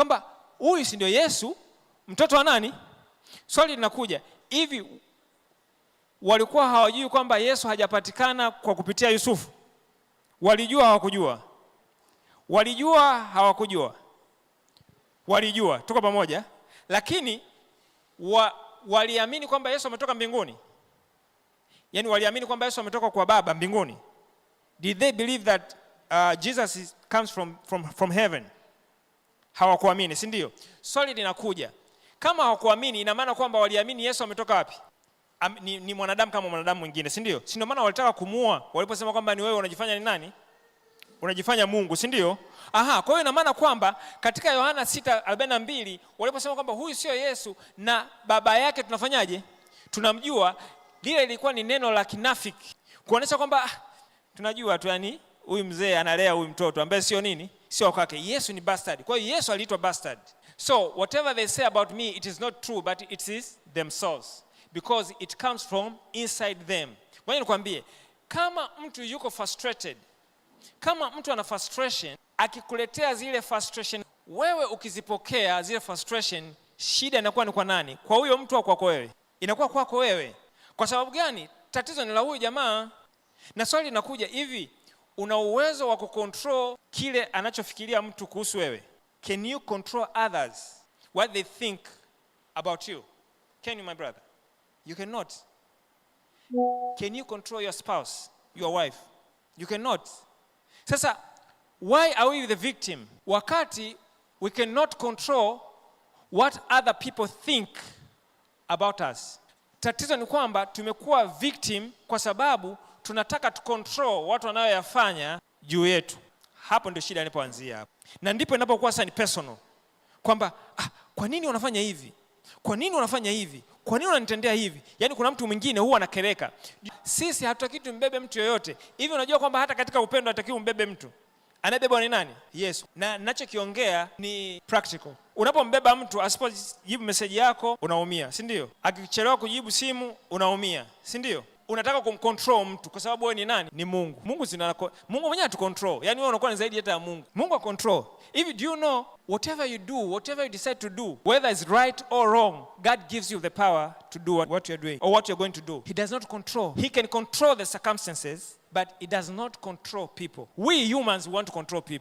kwamba huyu si ndio Yesu mtoto wa nani? Swali linakuja hivi, walikuwa hawajui kwamba Yesu hajapatikana kwa kupitia Yusufu? Walijua hawakujua? Walijua hawakujua? Walijua, tuko pamoja. Lakini wa, waliamini kwamba Yesu ametoka mbinguni, yaani waliamini kwamba Yesu ametoka kwa Baba mbinguni. Did they believe that uh, Jesus comes from, from, from heaven? hawakuamini, si ndio? Swali linakuja, kama hawakuamini, ina maana kwamba waliamini Yesu ametoka wapi? Am, ni, ni mwanadamu kama mwanadamu mwingine, si ndio? Si ndio maana walitaka kumuua waliposema kwamba ni wewe unajifanya ni nani? Unajifanya Mungu, si ndio? Aha, kwa hiyo ina maana kwamba katika Yohana 6:42 waliposema kwamba huyu sio Yesu na baba yake, tunafanyaje? Tunamjua, lile lilikuwa ni neno la kinafiki kuonesha kwamba ah, tunajua tu, yani huyu mzee analea huyu mtoto ambaye sio nini sio kwake. Yesu ni bastard. Kwa hiyo Yesu aliitwa bastard. So whatever they say about me it is not true but it is themselves because it comes from inside them. Ngoja nikwambie, kama mtu yuko frustrated, kama mtu ana frustration, akikuletea zile frustration, wewe ukizipokea zile frustration, shida inakuwa ni kwa nani? Kwa huyo mtu au kwako wewe? Inakuwa kwako wewe. Kwa sababu gani? Tatizo ni la huyu jamaa. Na swali linakuja hivi una uwezo wa kukontrol kile anachofikiria mtu kuhusu wewe. Can you control others what they think about you? Can you, my brother? You cannot. Can you control your spouse, your wife? You cannot. Sasa why are we the victim? Wakati we cannot control what other people think about us. Tatizo ni kwamba tumekuwa victim kwa sababu tunataka tu watu wanayoyafanya juu yetu. Hapo ndio shida inapoanzia hapo, na ndipo inapokuwa sasa ni personal, kwamba ah, kwa nini wanafanya hivi? Kwa nini wanafanya hivi? Kwa nini unanitendea hivi? Yaani kuna mtu mwingine huwa anakereka. Sisi hatutaki tumbebe mtu yoyote hivi. Unajua kwamba hata katika upendo hatutaki umbebe mtu. Anayebebwa ni nani? Yesu. Na ninachokiongea ni practical. Unapombeba mtu asipojibu meseji yako unaumia, si ndio? Akichelewa kujibu simu unaumia, si ndio? unataka kumcontrol mtu kwa sababu wewe ni nani? Ni Mungu. Mungu zina Mungu mwenyewe atucontrol, yaani wewe unakuwa ni zaidi hata ya Mungu. Mungu acontrol. If do you know whatever you do whatever you decide to do whether it's right or wrong God gives you the power to do what you are doing or what you are going to do. He does not control. He can control the circumstances but it does not control people. We humans want to control people.